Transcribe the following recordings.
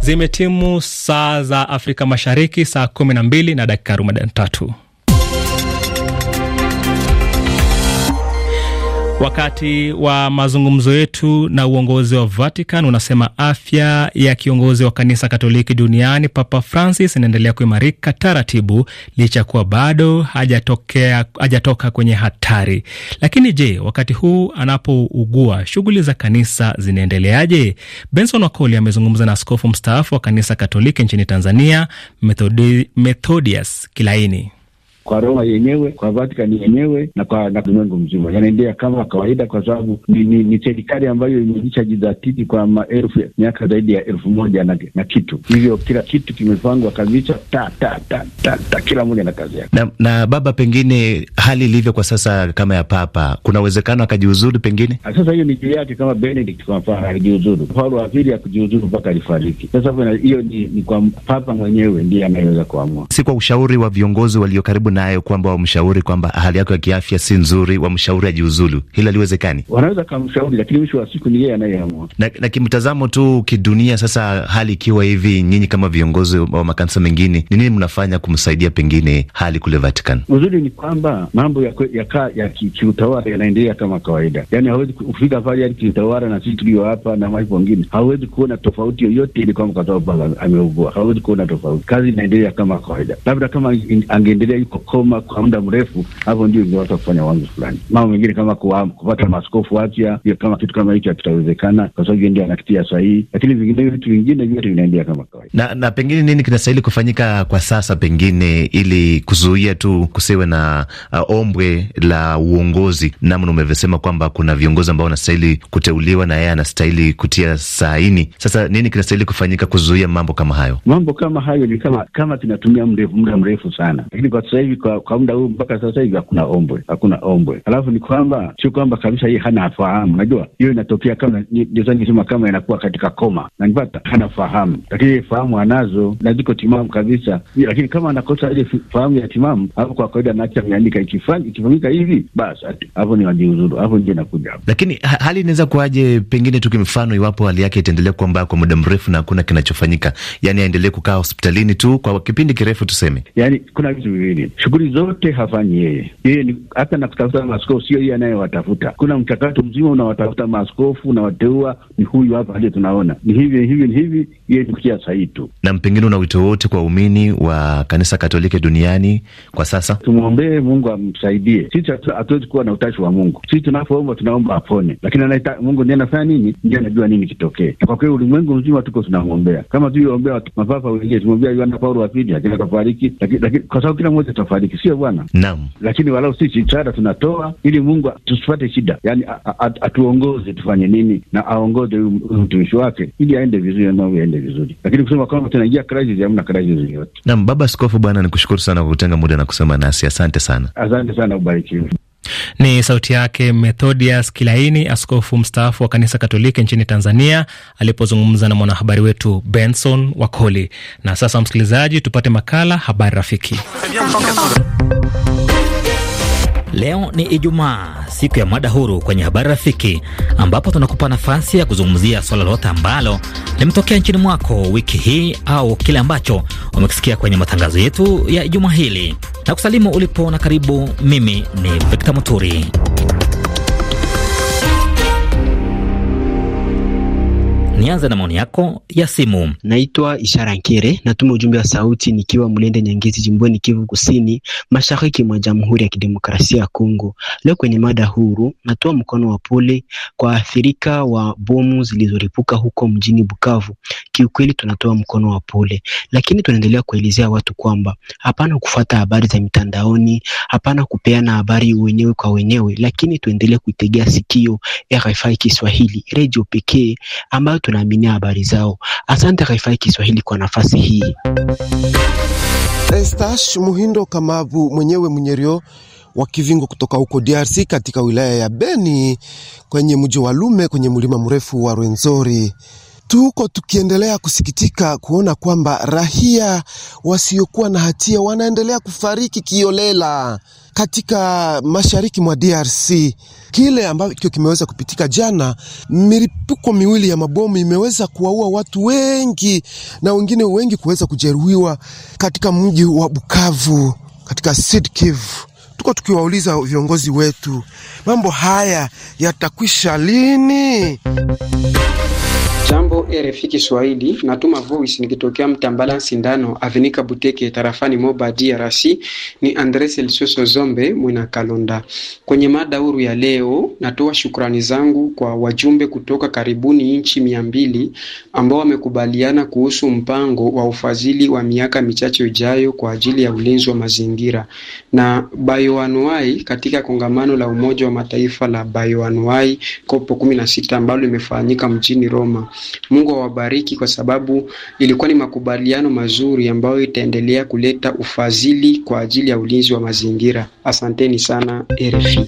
Zimetimu saa za Afrika Mashariki, saa kumi na mbili na dakika 43. tatu. Wakati wa mazungumzo yetu na uongozi wa Vatican unasema afya ya kiongozi wa kanisa Katoliki duniani Papa Francis inaendelea kuimarika taratibu, licha kuwa bado hajatokea hajatoka kwenye hatari. Lakini je, wakati huu anapougua shughuli za kanisa zinaendeleaje? Benson Wakoli amezungumza na askofu mstaafu wa kanisa Katoliki nchini Tanzania Methodi, Methodius Kilaini kwa Roma yenyewe, kwa Vatikani yenyewe na kwa na ulimwengu mzima, yanaendea kama kawaida, kwa sababu ni, ni, ni serikali ambayo imeonyesha jidhatiti kwa maelfu miaka zaidi ya elfu moja na, na kitu hivyo, kila kitu kimepangwa kabisa ta, ta, ta, ta, ta, kila mmoja na kazi yake. Na, na baba, pengine hali ilivyo kwa sasa kama ya papa, kuna uwezekano akajiuzuru pengine? Ah, sasa hiyo ni juu yake, kama Benedict kwa mfano alijiuzuru, Paulo wa pili akujiuzuru mpaka alifariki. Sasa hiyo ni, ni kwa papa mwenyewe ndiye anayeweza kuamua, si kwa ushauri wa viongozi walio karibu nayo kwamba wamshauri kwamba hali yako ya kiafya si nzuri, wamshauri ajiuzulu, hilo aliwezekani? Wanaweza kumshauri, lakini mwisho wa siku ni yeye anayeamua. Na, na kimtazamo tu kidunia, sasa hali ikiwa hivi, nyinyi kama viongozi wa makanisa mengine, ni nini mnafanya kumsaidia pengine hali kule Vatican? Uzuri ni kwamba mambo ya, ya, ya, ya ki, yanaendelea kama kawaida, yani hawezi kufika pale, yani kiutawala na sisi tulio hapa na maji wengine, hawezi kuona tofauti yoyote ile kwamba kwa sababu ameugua, hawezi kuona tofauti. Kazi inaendelea kama kawaida, labda kama angeendelea yuko koma kwa muda mrefu, hapo ndio ingeweza kufanya wanzo fulani. Mambo mengine kama kupata maskofu wapya, kama kitu kama hicho hakitawezekana, kwa sababu ndio anakitia sahihi, lakini vingine vitu vingine vyote vinaendelea kama kawaida. Na, na pengine nini kinastahili kufanyika kwa sasa, pengine ili kuzuia tu kusiwe na uh, ombwe la uongozi, namna umevyosema kwamba kuna viongozi ambao wanastahili kuteuliwa na yeye anastahili kutia saini. Sasa nini kinastahili kufanyika kuzuia mambo kama hayo? Mambo kama hayo ni kama kama tunatumia muda mrefu sana, lakini kwa sasa hivi kwa, kwa muda huu mpaka sasa hivi hakuna ombwe, hakuna ombwe. Alafu ni kwamba sio kwamba kabisa hii hana fahamu, najua hiyo inatokea kama sema kama inakuwa katika koma, nanipata hana fahamu, lakini fahamu anazo na ziko timamu kabisa, lakini kama anakosa ile fahamu ya timamu, alafu kwa kawaida anaacha ameandika, ikifanyika hivi basi hapo ni wajiuzuru, hapo ndio inakuja. Lakini hali inaweza kuwaje, pengine tuki mfano, iwapo hali yake itaendelea kuwa mbaya kwa muda mrefu na hakuna kinachofanyika, yani aendelee kukaa hospitalini tu kwa kipindi kirefu tuseme, yani kuna vitu viwili shughuli zote hafanyi yeye. Yeye ni hata na kutafuta maaskofu, sio yeye anayewatafuta. Kuna mchakato mzima unawatafuta maaskofu, unawateua, ni huyu hapa hadi tunaona, ni hivi hivi ni hivi, hiyo ilikuja saa hii tu. Na pengine una wito wote kwa waumini wa kanisa Katoliki duniani kwa sasa? Tumwombee Mungu amsaidie. Sisi hatuwezi kuwa na utashi wa Mungu. Sisi tunapoomba tunaomba apone, lakini anaita Mungu ndiye anafanya nini, ndiye anajua nini kitokee. Na kwa kweli ulimwengu mzima tuko tunamwombea, kama tuliombea mapapa wengine, tumwombea Yohana Paulo wa Pili lakini akafariki, lakini kwa sababu kila mmoja atafariki, sio Bwana? Naam, lakini walau sisi msaada tunatoa ili Mungu tusipate shida, yani atuongoze tufanye nini, na aongoze huyu mtumishi wake ili aende vizuri, nao aende tuende vizuri, lakini kusema kwamba tunaingia crisis, hamna crisis yoyote. Naam, Baba Askofu, bwana nikushukuru sana kwa kutenga muda na kusema nasi, asante sana. Asante sana, ubarikiwe. Ni sauti yake Methodius Kilaini, askofu mstaafu wa kanisa Katoliki nchini Tanzania, alipozungumza na mwanahabari wetu Benson Wakoli. Na sasa, msikilizaji, tupate makala Habari Rafiki. Leo ni Ijumaa, siku ya mada huru kwenye habari rafiki, ambapo tunakupa nafasi ya kuzungumzia swala lolote ambalo limetokea nchini mwako wiki hii au kile ambacho umekisikia kwenye matangazo yetu ya Ijumaa hili na kusalimu ulipo na karibu. Mimi ni Victor Muturi. Nianza na maoni yako ya simu. Naitwa Ishara Nkere, natuma ujumbe wa sauti nikiwa Mlende Nyangezi, jimboni Kivu Kusini, mashariki mwa Jamhuri ya Kidemokrasia ya Kongo. Leo kwenye mada huru, natoa mkono wa pole kwa athirika wa bomu zilizoripuka huko mjini Bukavu kiukweli tunatoa mkono wa pole, lakini tunaendelea kuelezea watu kwamba hapana kufuata habari za mitandaoni, hapana kupeana habari wenyewe kwa wenyewe, lakini tuendelee kuitegea sikio RFI Kiswahili, redio pekee ambayo tunaaminia habari zao. Asante RFI Kiswahili kwa nafasi hii. Estash Muhindo Kamavu mwenyewe Munyerio wa Kivingo kutoka huko DRC katika wilaya ya Beni kwenye mji wa Lume kwenye mlima mrefu wa Rwenzori. Tuko tukiendelea kusikitika kuona kwamba rahia wasiokuwa na hatia wanaendelea kufariki kiolela katika mashariki mwa DRC. Kile ambacho kimeweza kupitika jana, milipuko miwili ya mabomu imeweza kuwaua watu wengi na wengine wengi kuweza kujeruhiwa katika mji wa Bukavu, katika Sud Kivu. Tuko tukiwauliza viongozi wetu, mambo haya yatakwisha lini? Jambo RFI Kiswahili, natuma voice nikitokea Mtambala Sindano Avenika Buteke tarafani Moba DRC. Ni Andres Elsoso Zombe Mwina Kalonda. Kwenye mada huru ya leo, natoa shukrani zangu kwa wajumbe kutoka karibuni nchi mia mbili ambao wamekubaliana kuhusu mpango wa ufadhili wa miaka michache ijayo kwa ajili ya ulinzi wa mazingira na bayoanuai katika kongamano la Umoja wa Mataifa la bayoanuai COP 16 ambalo limefanyika mjini Roma. Mungu awabariki kwa sababu ilikuwa ni makubaliano mazuri ambayo itaendelea kuleta ufadhili kwa ajili ya ulinzi wa mazingira. Asanteni sana RFI.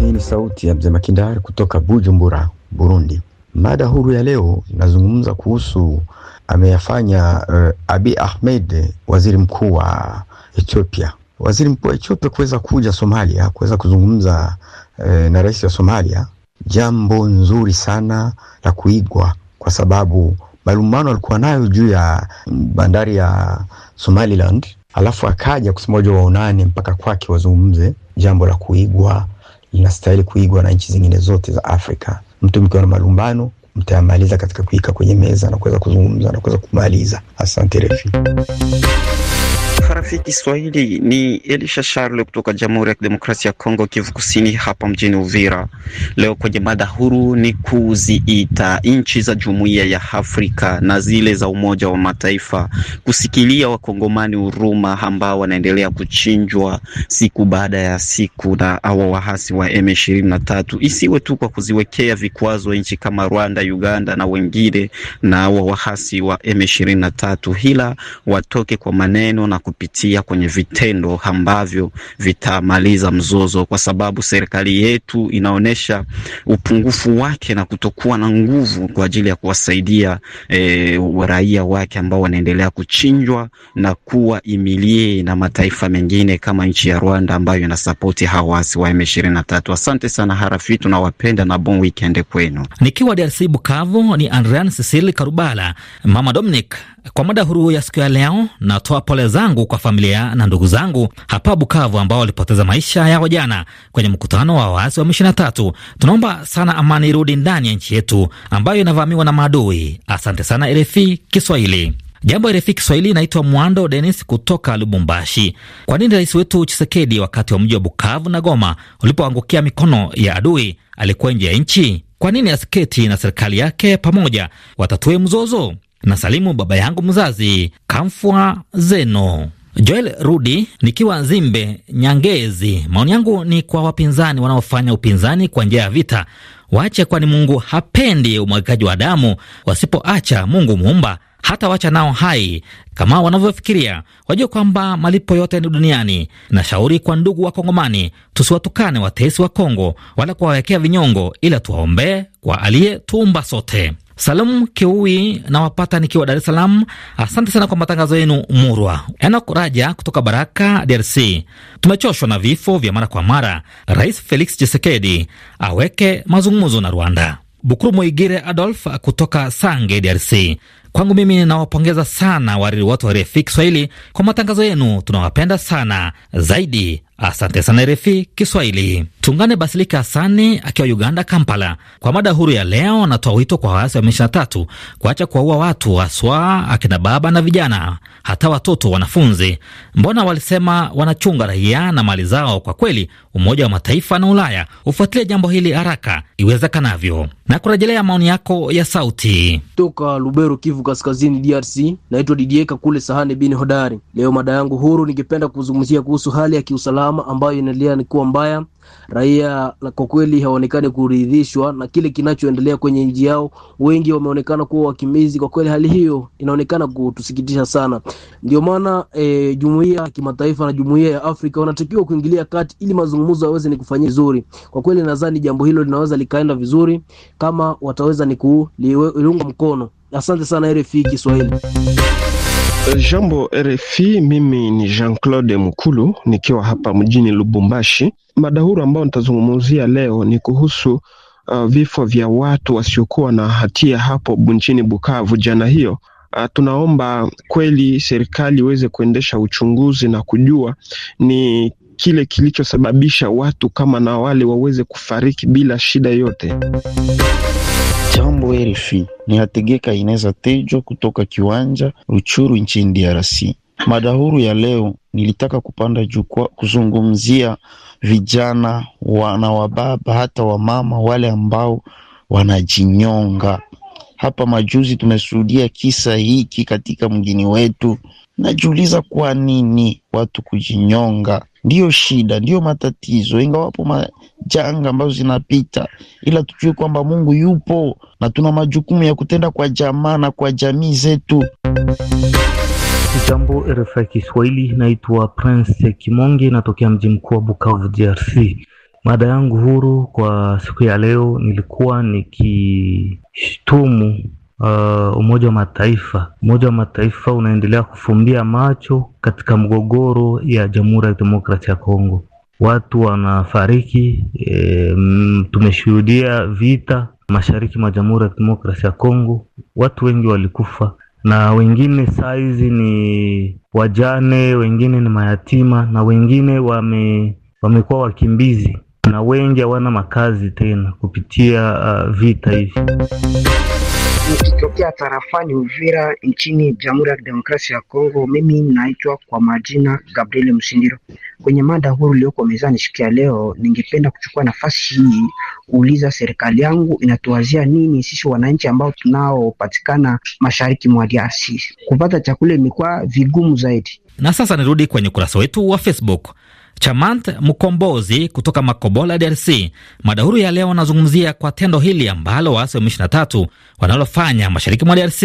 Hii ni sauti ya mzee Makindari kutoka Bujumbura, Burundi. Mada huru ya leo inazungumza kuhusu ameyafanya uh, Abi Ahmed, waziri mkuu wa Ethiopia, waziri mkuu wa Ethiopia kuweza kuja Somalia kuweza kuzungumza uh, na rais wa Somalia jambo nzuri sana la kuigwa, kwa sababu malumbano alikuwa nayo juu ya bandari ya Somaliland, alafu akaja kusema waja waonane mpaka kwake wazungumze. Jambo la kuigwa, linastahili kuigwa na nchi zingine zote za Afrika. Mtu mkiwa na malumbano mtayamaliza katika kuika kwenye meza na kuweza kuzungumza na kuweza kumaliza. Asante refi. RFI Kiswahili ni Elisha Charle kutoka Jamhuri ya Kidemokrasia ya Kongo, Kivu Kusini, hapa mjini Uvira. Leo kwenye mada huru ni kuziita nchi za Jumuiya ya Afrika na zile za Umoja wa Mataifa kusikilia Wakongomani huruma ambao wanaendelea kuchinjwa siku baada ya siku na awa wahasi wa M23, isiwe tu kwa kuziwekea vikwazo nchi kama Rwanda, Uganda na wengine na awa wahasi wa M23, hila watoke kwa maneno na kupi kupitia kwenye vitendo ambavyo vitamaliza mzozo, kwa sababu serikali yetu inaonyesha upungufu wake na kutokuwa na nguvu kwa ajili ya kuwasaidia e, raia wake ambao wanaendelea kuchinjwa na kuwa imilie na mataifa mengine kama nchi ya Rwanda ambayo inasapoti hawasi wa M23. Asante sana Harafi, tunawapenda na bon weekend kwenu. Nikiwa DRC Bukavu ni Andrean Cecil Karubala. Mama Dominic, kwa mada huru ya siku ya leo natoa pole zangu zangu kwa familia na ndugu zangu hapa Bukavu ambao walipoteza maisha yao jana kwenye mkutano wa waasi wa M23. Tunaomba sana amani irudi ndani ya nchi yetu ambayo inavamiwa na maadui. Asante sana RFI Kiswahili. Jambo RFI Kiswahili, inaitwa Mwando Denis kutoka Lubumbashi. Kwa nini rais wetu Chisekedi wakati wa mji wa Bukavu na Goma ulipoangukia mikono ya adui alikuwa nje ya nchi? Kwa nini asketi na serikali yake pamoja watatue mzozo? na salimu baba yangu mzazi Kamfwa Zeno Joel Rudi nikiwa Zimbe Nyangezi. Maoni yangu ni kwa wapinzani wanaofanya upinzani kwa njia ya vita waache, kwani Mungu hapendi umwagikaji wa damu. Wasipoacha, Mungu muumba hata wacha nao hai kama wanavyofikiria. Wajue kwamba malipo yote ni duniani. Na shauri kwa ndugu wa Kongomani, tusiwatukane watesi wa Kongo wala kuwawekea vinyongo, ila tuwaombee kwa aliyetuumba sote. Salum Keui nawapata nikiwa Dar es Salaam. Asante sana kwa matangazo yenu murwa. Enok Raja kutoka Baraka, DRC. Tumechoshwa na vifo vya mara kwa mara. Rais Felix Tshisekedi aweke mazungumzo na Rwanda. Bukuru Mwigire Adolf kutoka Sange, DRC. Kwangu mimi nawapongeza sana wariri watu wa RFI Kiswahili kwa matangazo yenu, tunawapenda sana zaidi. Asante sana RFI Kiswahili. Tungane Basilika Asani akiwa Uganda, Kampala. Kwa mada huru ya leo, anatoa wito kwa waasi wa M23 kuacha kuwaua watu, haswa akina baba na vijana, hata watoto, wanafunzi. Mbona walisema wanachunga raia na mali zao? Kwa kweli, Umoja wa Mataifa na Ulaya ufuatilie jambo hili haraka iwezekanavyo na kurejelea maoni yako ya sauti toka Lubero, Kivu Kaskazini, DRC. Naitwa Didieka kule Sahane bin Hodari. Leo mada yangu huru, ningependa kuzungumzia kuhusu hali ya kiusalama ambayo inaendelea ni kuwa mbaya Raia kwa kweli hawaonekani kuridhishwa na kile kinachoendelea kwenye nchi yao, wengi wameonekana kuwa wakimbizi. Kwa kweli hali hiyo inaonekana kutusikitisha sana. Ndio maana e, jumuiya ya kimataifa na jumuiya ya Afrika wanatakiwa kuingilia kati ili mazungumzo yaweze ni kufanyia vizuri. Kwa kweli nadhani jambo hilo linaweza likaenda vizuri kama wataweza ni kuliunga mkono. Asante sana RFI Kiswahili. Jambo RFI, mimi ni Jean-Claude Mkulu nikiwa hapa mjini Lubumbashi. Mada huru ambayo nitazungumzia leo ni kuhusu uh, vifo vya watu wasiokuwa na hatia hapo nchini Bukavu jana hiyo. Uh, tunaomba kweli serikali iweze kuendesha uchunguzi na kujua ni kile kilichosababisha watu kama na wale waweze kufariki bila shida yote. Jambo elfi ni Hategeka inaweza tejwa kutoka kiwanja Ruchuru nchini DRC. Mada huru ya leo nilitaka kupanda jukwaa kuzungumzia vijana wana wababa hata wamama wale ambao wanajinyonga. Hapa majuzi tumeshuhudia kisa hiki katika mgini wetu. Najiuliza kwa nini watu kujinyonga Ndiyo shida, ndiyo matatizo, ingawapo majanga ambazo zinapita, ila tujue kwamba Mungu yupo na tuna majukumu ya kutenda kwa jamaa na kwa jamii zetu. Jambo RFI ya Kiswahili, naitwa Prince Kimonge, natokea mji mkuu wa Bukavu, DRC. Mada yangu huru kwa siku ya leo nilikuwa nikishtumu uh, Umoja wa Mataifa. Umoja wa Mataifa unaendelea kufumbia macho katika mgogoro ya Jamhuri ya Demokrasia ya Kongo, watu wanafariki. E, tumeshuhudia vita mashariki mwa Jamhuri ya Demokrasia ya Kongo, watu wengi walikufa na wengine saizi ni wajane, wengine ni mayatima, na wengine wame wamekuwa wakimbizi, na wengi hawana makazi tena kupitia uh, vita hivi nikitokea tarafani Uvira nchini Jamhuri ya Kidemokrasia ya Kongo. Mimi naitwa kwa majina Gabriel Msindiro. Kwenye mada huru iliyoko mezani siku ya leo, ningependa kuchukua nafasi hii kuuliza serikali yangu inatuwazia nini sisi wananchi ambao tunaopatikana mashariki mwa DRC. Kupata chakula imekuwa vigumu zaidi. Na sasa nirudi kwenye ukurasa wetu wa Facebook. Chamant Mkombozi kutoka Makobola, DRC. Mada huru ya leo wanazungumzia kwa tendo hili ambalo waasi wa M23 wanalofanya mashariki mwa DRC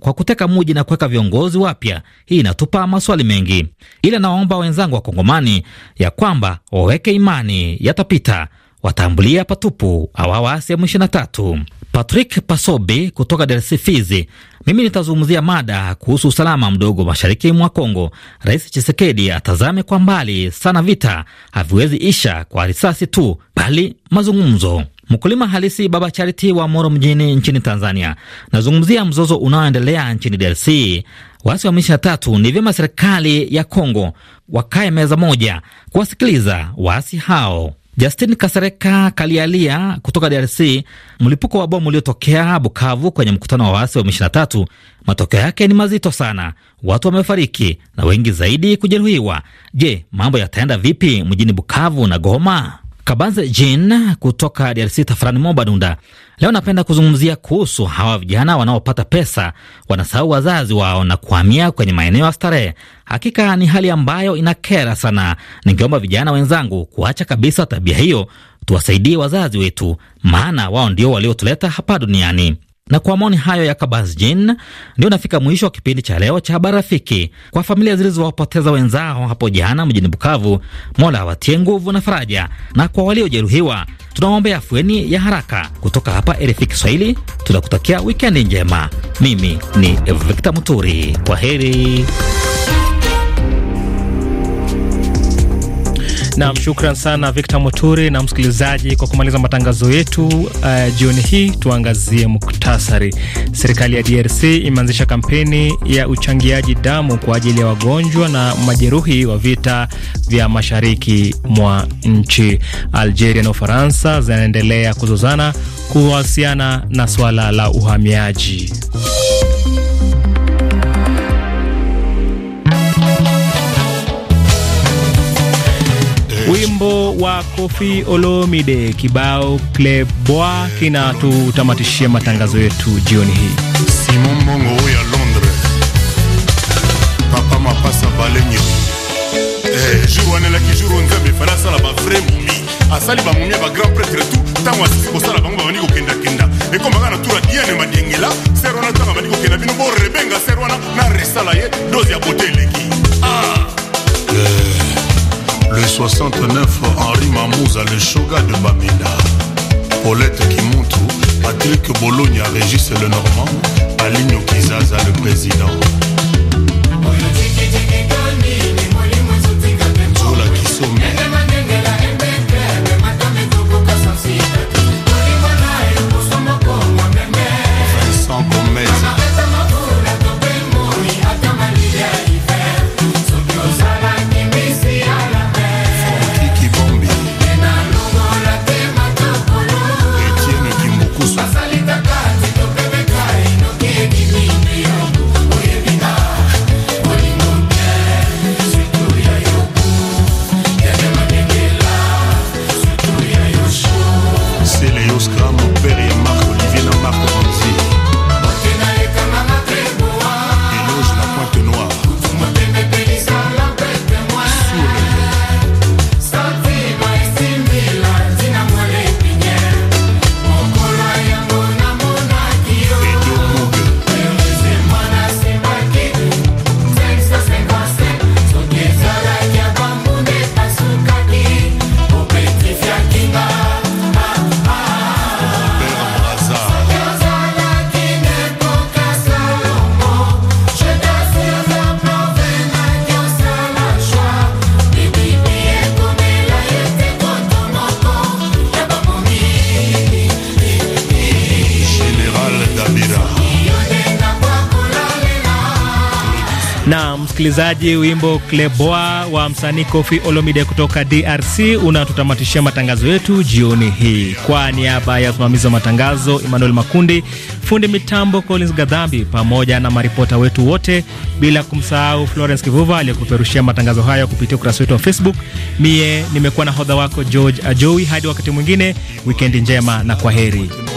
kwa kuteka muji na kuweka viongozi wapya. Hii inatupa maswali mengi, ila nawaomba wenzangu wa Kongomani ya kwamba waweke imani yatapita watambulia patupu awawa mwisho na tatu. Patrick Pasobe kutoka DRC Fizi. Mimi nitazungumzia mada kuhusu usalama mdogo mashariki mwa Kongo. Rais Chisekedi atazame kwa mbali sana, vita haviwezi isha kwa risasi tu, bali mazungumzo. Mkulima halisi Baba Chariti wa Moro mjini nchini Tanzania, nazungumzia mzozo unaoendelea nchini DRC. Waasi wa M23, ni vyema serikali ya Kongo wakae meza moja kuwasikiliza waasi hao. Justin Kasereka Kalialia kutoka DRC. Mlipuko wa bomu uliotokea Bukavu kwenye mkutano wa waasi wa M23, matokeo yake ni mazito sana, watu wamefariki na wengi zaidi kujeruhiwa. Je, mambo yataenda vipi mjini Bukavu na Goma? Kabanze Jean kutoka DRC, Tafrani Mobadunda. Leo napenda kuzungumzia kuhusu hawa vijana wanaopata pesa, wanasahau wazazi wao na kuhamia kwenye maeneo ya starehe. Hakika ni hali ambayo inakera sana. Ningeomba vijana wenzangu kuacha kabisa tabia hiyo, tuwasaidie wazazi wetu, maana wao ndio waliotuleta hapa duniani. Na kwa maoni hayo ya Kabasjin, ndio nafika mwisho wa kipindi cha leo cha habari rafiki. Kwa familia zilizowapoteza wenzao hapo jana mjini Bukavu, Mola awatie nguvu na faraja, na kwa waliojeruhiwa tunawaombea afueni ya haraka. Kutoka hapa RFI Kiswahili, tunakutakia wikendi njema. Mimi ni Victor Muturi, kwa heri. Nam, shukran sana Victor Moturi na msikilizaji kwa kumaliza matangazo yetu uh, jioni hii. Tuangazie muktasari. Serikali ya DRC imeanzisha kampeni ya uchangiaji damu kwa ajili ya wagonjwa na majeruhi wa vita vya mashariki mwa nchi. Algeria na Ufaransa zinaendelea kuzozana kuhusiana na swala la uhamiaji. wimbo wa Koffi Olomide kibao kleboa kinatutamatishia matangazo yetu jioni hii. Simon Bongo ya Londres, papa mapasa balenye eh, jour wanelaki jour oyo nzambe efali asala bavrai momi asali bamomi ya bagrand pretre tout ntango asisi kosala bango babandi kokendakenda ekomaka na tura diane madiengela ser wana ntango abandi kokenda bino borebenga ser wana na resala ye doze ya bote eleki ah. 69 Henri Mamouza, le Shoga de Bamenda. Paulette Kimuntu, que Bologna Régis le Normand, Aligno Kizaza le président. Moskva msikilizaji, wimbo Kleboa wa msanii Kofi Olomide kutoka DRC unatutamatishia matangazo yetu jioni hii. Kwa niaba ya usimamizi wa matangazo Emmanuel Makundi, fundi mitambo Collins Gadhambi, pamoja na maripota wetu wote, bila kumsahau Florence Kivuva aliyekuperushia matangazo haya kupitia ukurasa wetu wa Facebook. Mie nimekuwa na hodha wako George Ajowi, hadi wakati mwingine, wikendi njema na kwa heri.